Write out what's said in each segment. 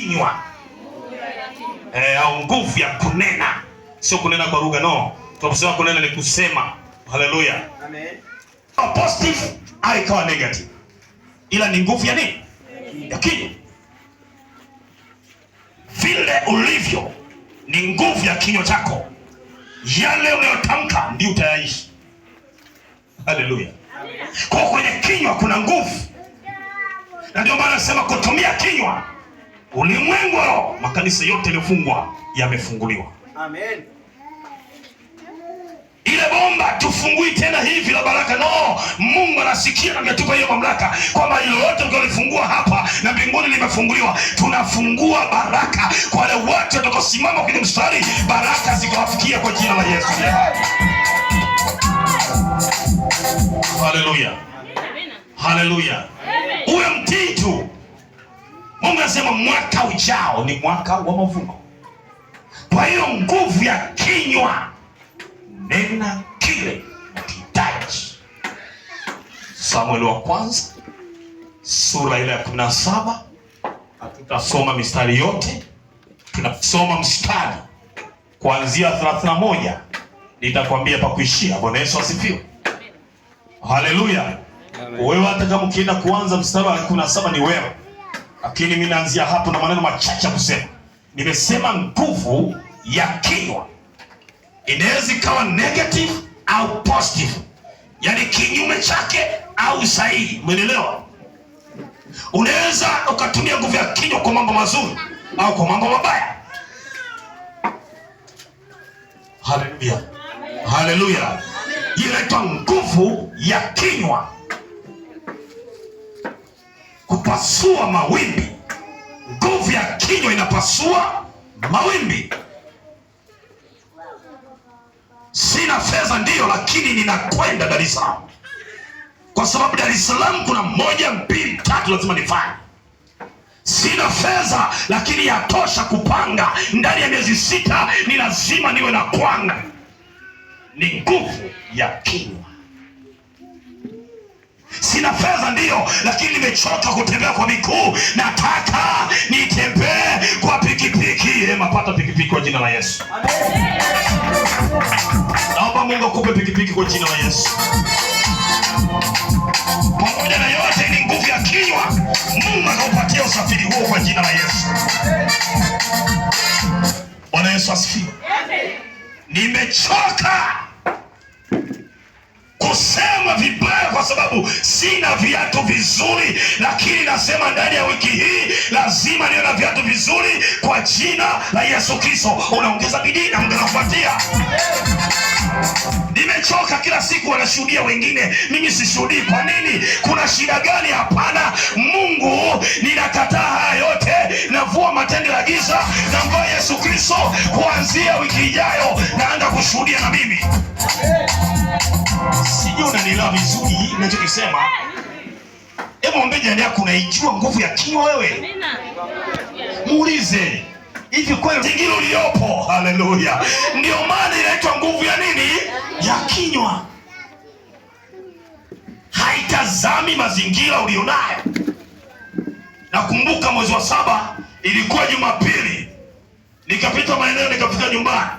kinywa e, au nguvu ya kunena, sio kunena kwa lugha no. Tunaposema kunena ni kusema. Haleluya, amen. Positive au ikawa negative, ila ni nguvu ya nini? Ya kinywa. Vile ulivyo ni nguvu ya kinywa chako, yale unayotamka ndio utayaishi. Haleluya. Kwa kwenye kinywa kuna nguvu, na ndio maana nasema kutumia kinywa ulimwengu roho, makanisa yote yaliyofungwa yamefunguliwa. Amen. Ile bomba tufungui tena hivi la baraka, no. Mungu anasikia na ametupa hiyo mamlaka kwamba lolote ukiolifungua hapa na mbinguni limefunguliwa. Tunafungua baraka kwa wale watu watakaosimama kwenye mstari, baraka zikawafikia kwa jina la Yesu. Haleluya, haleluya, uwe mtii tu. Mungu anasema mwaka ujao ni mwaka wa mavuno. Kwa hiyo nguvu ya kinywa, nena kile kitaji. Samueli wa kwanza sura ile ya kumi na saba hatutasoma mistari yote, tunasoma mstari kuanzia 31 nitakwambia pa kuishia. Bwana Yesu asifiwe, haleluya. Wewe hata kama ukienda kuanza mstari wa saba ni wewe lakini mimi naanzia hapo na maneno machache kusema. Nimesema nguvu ya kinywa inaweza ikawa negative au positive, yaani kinyume chake au sahihi. Umeelewa? Unaweza ukatumia nguvu ya kinywa kwa mambo mazuri au kwa mambo mabaya. Haleluya, haleluya! inaitwa nguvu ya kinywa kupasua mawimbi. Nguvu ya kinywa inapasua mawimbi. Sina fedha ndiyo, lakini ninakwenda Dar es Salaam kwa sababu Dar es Salaam kuna moja, mbili, tatu lazima nifanye. Sina fedha lakini yatosha kupanga. Ndani ya miezi sita ni lazima niwe na kwanga. Ni nguvu ya kinywa. Sina fedha ndiyo, lakini nimechoka kutembea kwa miguu. Nataka nitembee kwa pikipiki. Ema, pata pikipiki kwa jina la Yesu. Naomba Mungu akupe pikipiki kwa jina la Yesu. Pamoja na yote ni nguvu ya kinywa, Mungu akaupatia usafiri huo kwa jina la Yesu. Bwana Yesu asifiwe. Nimechoka kwa sababu sina viatu vizuri, lakini nasema ndani ya wiki hii lazima niwe na viatu vizuri kwa jina la Yesu Kristo. Unaongeza bidii na mnafuatia Nimechoka kila siku wanashuhudia wengine, mimi sishuhudii. Kwa nini? Kuna shida gani? Hapana, Mungu, ninakataa haya yote, navua matendo ya giza, namvaa Yesu Kristo. Kuanzia wiki ijayo naanza kushuhudia na nachokisema. Hebu mwambie jirani yako, unaijua nguvu ya kinywa wewe? Muulize hivi, kweli zingine uliopo. Haleluya! Ndio maana inaitwa nguvu ya nini? Ya kinywa. Haitazami mazingira ulionayo. Nakumbuka mwezi wa saba ilikuwa Jumapili, nikapita maeneo, nikafika nyumbani,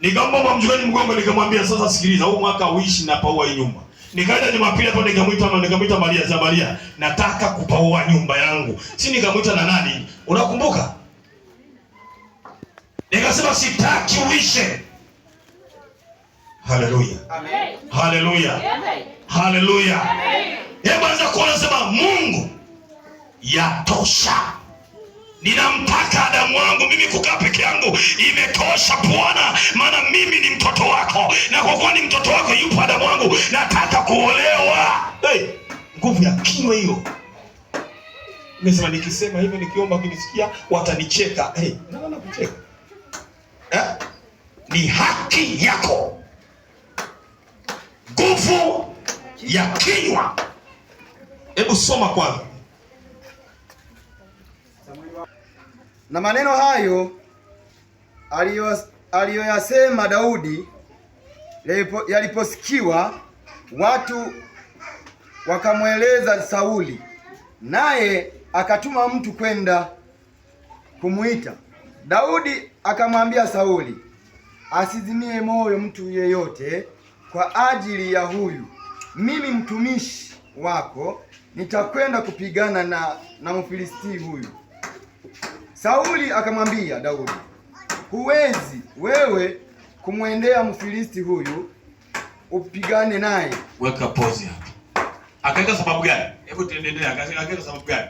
nikamwomba mjuani mgongo, nikamwambia sasa, sikiliza, huu mwaka uishi na paua hii nyumba Nikaenda Jumapili hapo nikamwita nikamwita Maria za Maria, nataka kupaua nyumba yangu. Si nikamwita na nani? Unakumbuka? Nikasema sitaki uishe. Haleluya. Amen. Haleluya. Amen. Haleluya. Amen. Hebu anza kuona sema Mungu yatosha. Ninamtaka Adamu wangu mimi, kukaa peke yangu imetosha Bwana, maana mimi ni mtoto wako, na kwa kuwa ni mtoto wako yupo Adamu wangu, nataka kuolewa. Hey, nguvu ya kinywa hiyo. imesema, nikisema hivyo, nikiomba kinisikia, watanicheka. Hey, naona kucheka eh? Ni haki yako, nguvu ya kinywa. Hebu soma kwanza Na maneno hayo aliyoyasema Daudi yaliposikiwa, watu wakamweleza Sauli, naye akatuma mtu kwenda kumuita Daudi. Akamwambia Sauli, asizimie moyo mtu yeyote kwa ajili ya huyu, mimi mtumishi wako nitakwenda kupigana na na Mfilisti huyu. Sauli akamwambia Daudi, huwezi wewe kumwendea Mfilisti huyu upigane naye. Weka pause hapo. Akaweka sababu gani? Hebu tuendelee. Akaweka sababu gani?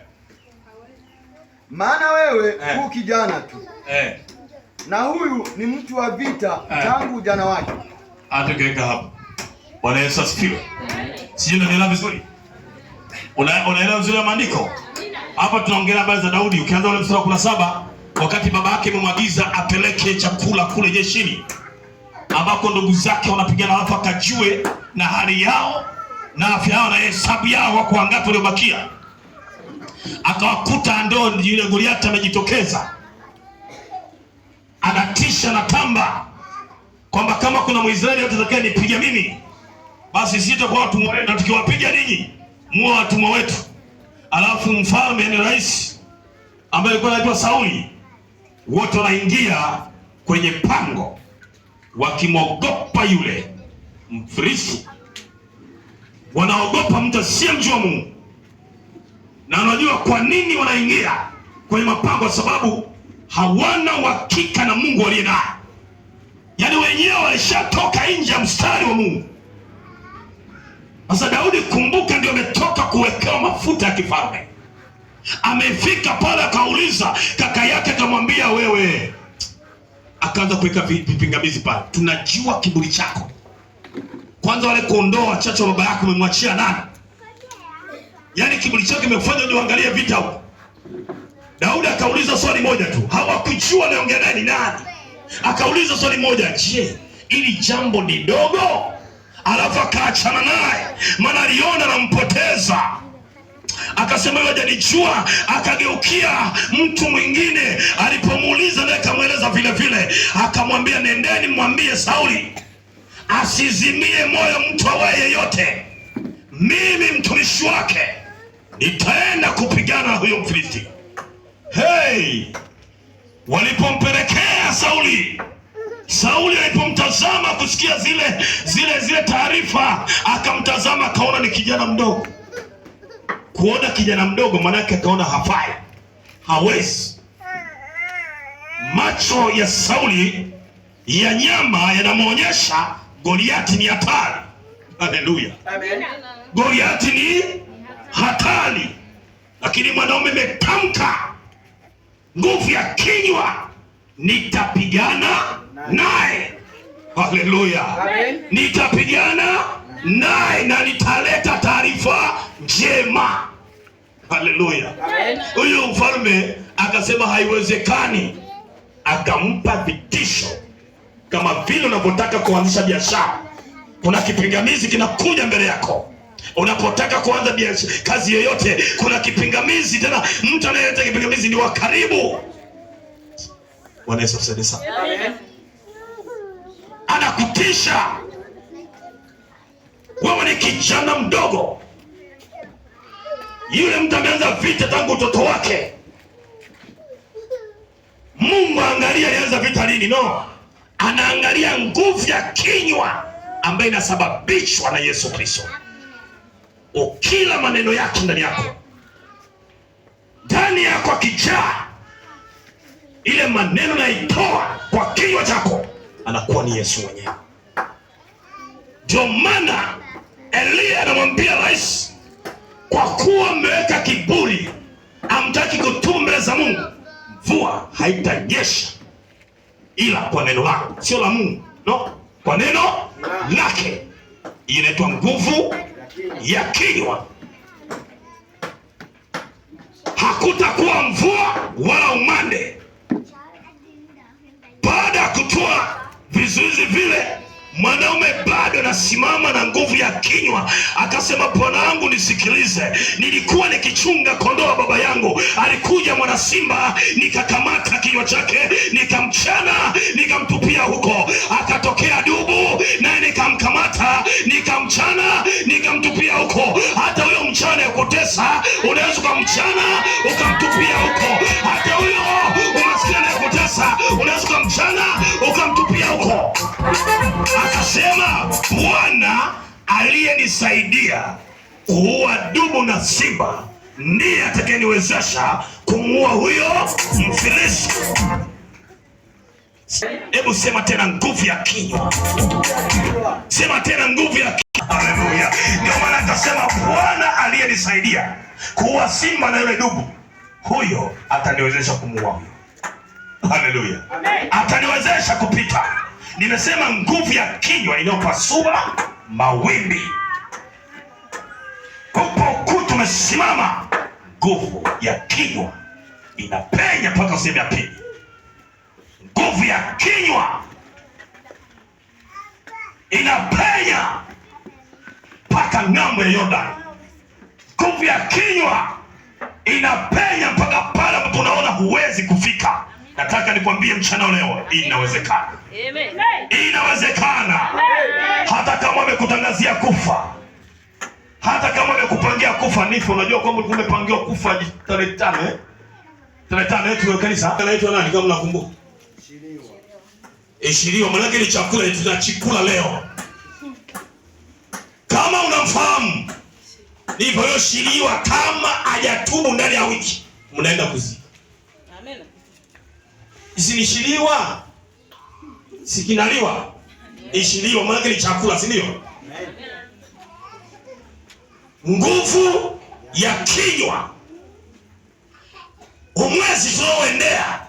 Maana wewe eh, kijana tu eh, na huyu ni mtu wa vita eh, tangu ujana wake. Atakaweka hapo. Bwana Yesu asifiwe. Sijui unaelewa vizuri. Unaelewa vizuri maandiko? Hapa tunaongelea habari za Daudi, ukianza ule mstari wa saba, wakati baba yake amemwagiza apeleke chakula kule jeshini ambako ndugu zake wanapigana, alafu akajue na hali yao na afya yao na hesabu yao, wako wangapi waliobakia. Akawakuta ndio yule Goliati amejitokeza, anatisha na tamba kwamba kama kuna Mwisraeli atakaye nipiga mimi, basi sitakuwa watumwa wenu, na tukiwapiga ninyi muwe watumwa wetu alafu mfalme ni rais ambaye alikuwa anaitwa Sauli, wote wanaingia kwenye pango wakimwogopa yule Mfilisti, wanaogopa mtu mjua Mungu. Na wanajua kwa nini wanaingia kwenye mapango? Kwa sababu hawana uhakika na Mungu aliye naye, yaani wenyewe walishatoka nje ya mstari wa Mungu. Sasa Daudi, kumbuka, ndio ametoka kuwekewa mafuta ya kifalme. Amefika pale akauliza, kaka yake akamwambia, wewe, akaanza kuweka vipingamizi pale, tunajua kiburi chako. Kwanza wale kondoo wachache wa baba yako umemwachia nani? Yaani kiburi chako kimefanya uangalie vita huko. Daudi akauliza swali moja tu, hawakujua naongea nani nani. Akauliza swali moja, je, ili jambo ni dogo alafu akaachana naye, maana aliona anampoteza akasema yeye hajanijua, akageukia mtu mwingine. Alipomuuliza naye akamweleza vile vile, akamwambia nendeni, mwambie Sauli asizimie moyo mtu awaye yeyote, mimi mtumishi wake nitaenda kupigana na huyo Mfilisti. Hey, walipompelekea Sauli Sauli alipomtazama kusikia zile zile zile taarifa, akamtazama akaona ni kijana mdogo. Kuona kijana mdogo maanake akaona hafai, hawezi. Macho ya Sauli ya nyama yanamwonyesha Goliati ni hatari. Haleluya, amen. Goliati ni hatari, lakini mwanaume ametamka nguvu ya kinywa, nitapigana naye. Haleluya, nitapigana naye na nitaleta taarifa njema. Haleluya. Huyu mfalme akasema haiwezekani, akampa vitisho kama vile unavyotaka kuanzisha biashara, kuna kipingamizi kinakuja mbele yako. Unapotaka kuanza biashara, kazi yoyote, kuna kipingamizi. Tena mtu anayeleta kipingamizi ni wa karibu. Bwana Yesu asifiwe sana na kutisha. Wewe ni kijana mdogo, yule mtu ameanza vita tangu utoto wake. Mungu angalia alianza vita lini? No, anaangalia nguvu ya kinywa ambayo inasababishwa na Yesu Kristo. Ukila maneno yake ndani yako ndani yako akijaa ile maneno naitoa kwa kinywa chako anakuwa ni Yesu mwenyewe. Ndio maana Eliya anamwambia rais, kwa kuwa mmeweka kiburi, amtaki kutubu mbele za Mungu, mvua haitanyesha ila kwa neno lako, sio la Mungu, no, kwa neno lake. Inaitwa nguvu ya kinywa. Hakutakuwa mvua wala umande baada ya kutoa Mwanaume bado nasimama na nguvu ya kinywa, akasema bwana wangu nisikilize, nilikuwa nikichunga kondoo, baba yangu alikuja mwana simba, nikakamata kinywa chake, nikamchana, nikamtupia huko, akatokea dubu, naye nikamkamata, nikamchana, nikamtupia huko. Hata huyo mchana yakutesa, unaweza ukamchana ukamtupia huko. Hata huyo ya yakutesa, unaweza ukamchana ukamtupia huko. Akasema, Bwana aliyenisaidia kuua dubu na simba ndiye atakayeniwezesha kumuua huyo Mfilisti. Hebu sema tena, nguvu ya kinywa. Sema tena, nguvu ya kinywa. Haleluya! Ndio maana akasema, Bwana aliyenisaidia kuua simba na yule dubu, huyo ataniwezesha kumuua huyo. Haleluya! Ataniwezesha kupita Nimesema nguvu ya kinywa inayopasua mawimbi. Upoku tumesimama, nguvu ya kinywa inapenya mpaka sehemu ya pili. Nguvu ya kinywa inapenya mpaka ng'ambo ya Yordani. Nguvu ya kinywa inapenya mpaka pale ambapo unaona huwezi kufika. Nataka nikwambie mchana leo, inawezekana, Amen. inawezekana. Hata kama amekutangazia kufa, hata kama amekupangia kufa nifu. Unajua kwamba tumepangiwa kufa tarehe tano eh, tarehe tano yetu eh, ya kanisa anaitwa nani, kama nakumbuka Ishiriwa, maanake ni chakula tunachikula leo. Kama unamfahamu hiyo nivyoshiriwa, kama hajatubu ndani ya wiki, mnaenda kuzika zilishiliwa sikinaliwa ishiliwa, maana ni chakula, si ndio? Nguvu ya kinywa umwezi tunaoendea